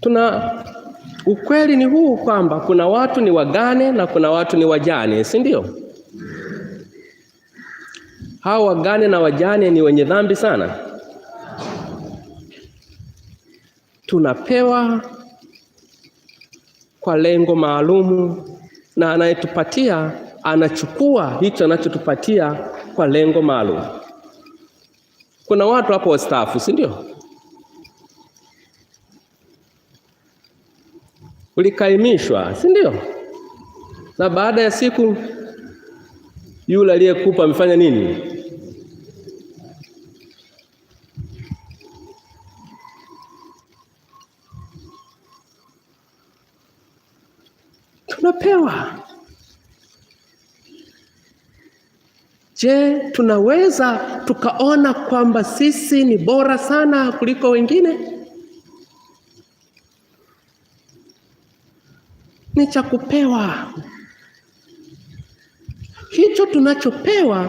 tuna ukweli ni huu kwamba kuna watu ni wagane na kuna watu ni wajane, si ndio? Hao wagane na wajane ni wenye dhambi sana. Tunapewa kwa lengo maalumu, na anayetupatia anachukua hicho anachotupatia kwa lengo maalum. Kuna watu hapo wastaafu, si ndio? ulikaimishwa, si ndio? Na baada ya siku yule aliyekupa amefanya nini? Tunapewa. Je, tunaweza tukaona kwamba sisi ni bora sana kuliko wengine? ni cha kupewa. Hicho tunachopewa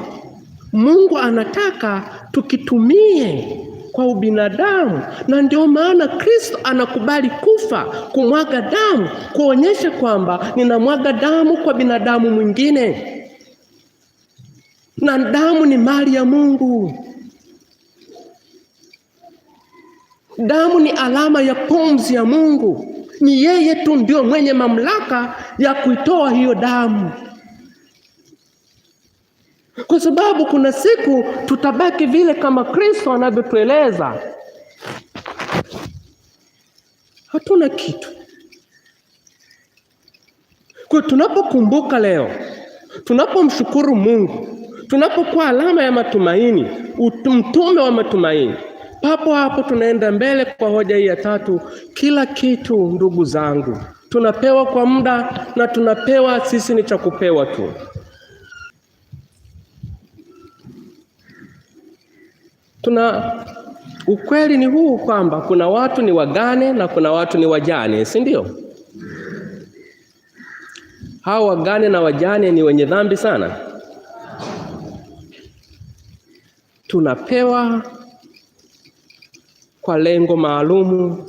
Mungu anataka tukitumie kwa ubinadamu, na ndio maana Kristo anakubali kufa, kumwaga damu, kuonyesha kwamba ninamwaga damu kwa binadamu mwingine, na damu ni mali ya Mungu. Damu ni alama ya pumzi ya Mungu. Ni yeye tu ndio mwenye mamlaka ya kuitoa hiyo damu, kwa sababu kuna siku tutabaki vile kama Kristo anavyotueleza, hatuna kitu. Kwa tunapokumbuka leo, tunapomshukuru Mungu, tunapokuwa alama ya matumaini, mtume wa matumaini papo hapo tunaenda mbele kwa hoja hii ya tatu. Kila kitu ndugu zangu, tunapewa kwa muda na tunapewa sisi, ni cha kupewa tu. Tuna ukweli ni huu kwamba kuna watu ni wagane na kuna watu ni wajane, si ndio? Hao wagane na wajane ni wenye dhambi sana, tunapewa kwa lengo maalumu,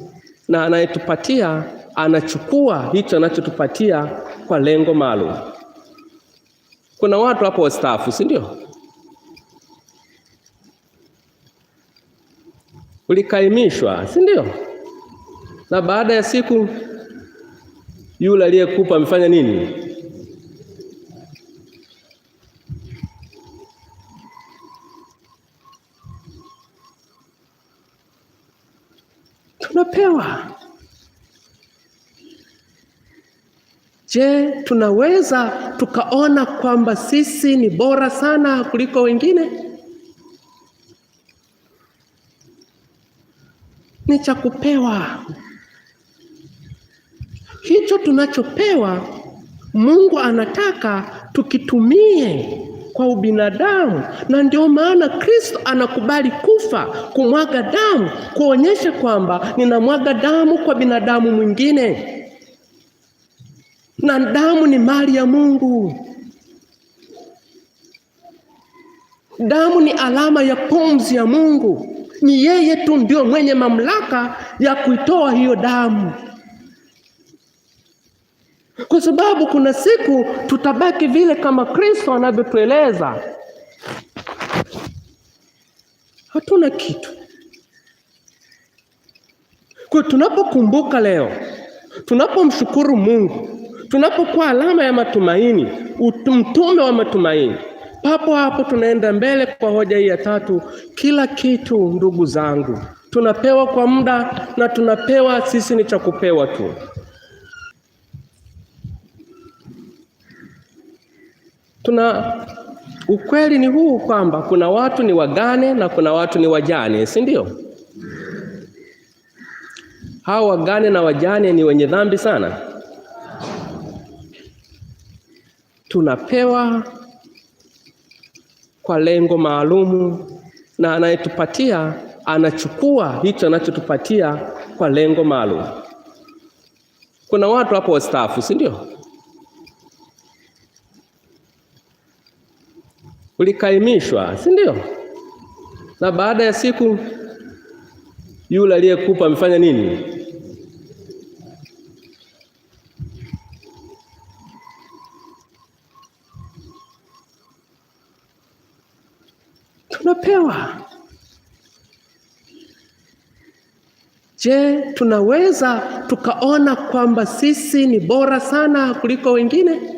na anayetupatia anachukua hicho anachotupatia kwa lengo maalum. Kuna watu hapo wastaafu, si ndio? Ulikaimishwa, si ndio? Na baada ya siku yule aliyekupa amefanya nini? tumepewa. Je, tunaweza tukaona kwamba sisi ni bora sana kuliko wengine? Ni cha kupewa hicho tunachopewa. Mungu anataka tukitumie kwa ubinadamu, na ndio maana Kristo anakubali kufa, kumwaga damu, kuonyesha kwamba ninamwaga damu kwa binadamu mwingine, na damu ni mali ya Mungu. Damu ni alama ya pumzi ya Mungu. Ni yeye tu ndio mwenye mamlaka ya kuitoa hiyo damu sababu kuna siku tutabaki vile kama Kristo anavyotueleza, hatuna kitu. Kwa tunapokumbuka leo, tunapomshukuru Mungu, tunapokuwa alama ya matumaini, mtume wa matumaini, papo hapo tunaenda mbele kwa hoja hii ya tatu. Kila kitu, ndugu zangu, tunapewa kwa muda na tunapewa sisi, ni cha kupewa tu. tuna ukweli ni huu kwamba kuna watu ni wagane na kuna watu ni wajane, si ndio? Hao wagane na wajane ni wenye dhambi sana. Tunapewa kwa lengo maalumu, na anayetupatia anachukua hicho anachotupatia kwa lengo maalum. Kuna watu hapo wastaafu, si ndio? ulikaimishwa, si ndio? Na baada ya siku yule aliyekupa amefanya nini? Tunapewa. Je, tunaweza tukaona kwamba sisi ni bora sana kuliko wengine?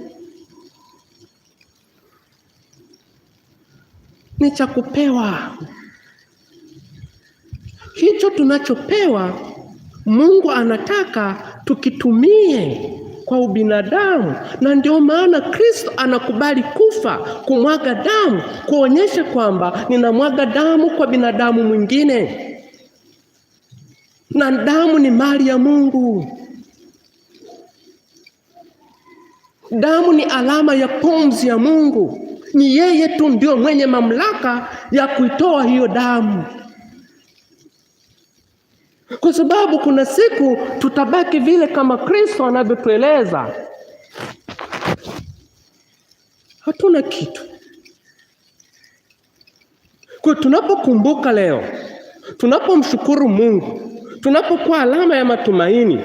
ni cha kupewa. Hicho tunachopewa Mungu anataka tukitumie kwa ubinadamu, na ndio maana Kristo anakubali kufa, kumwaga damu, kuonyesha kwamba ninamwaga damu kwa binadamu mwingine, na damu ni mali ya Mungu. Damu ni alama ya pumzi ya Mungu. Ni yeye tu ndio mwenye mamlaka ya kuitoa hiyo damu, kwa sababu kuna siku tutabaki vile kama Kristo anavyotueleza, hatuna kitu. Kwa tunapokumbuka leo, tunapomshukuru Mungu, tunapokuwa alama ya matumaini,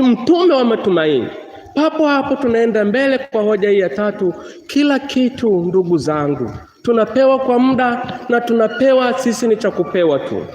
mtume wa matumaini papo hapo tunaenda mbele kwa hoja hii ya tatu. Kila kitu ndugu zangu, tunapewa kwa muda na tunapewa sisi, ni cha kupewa tu.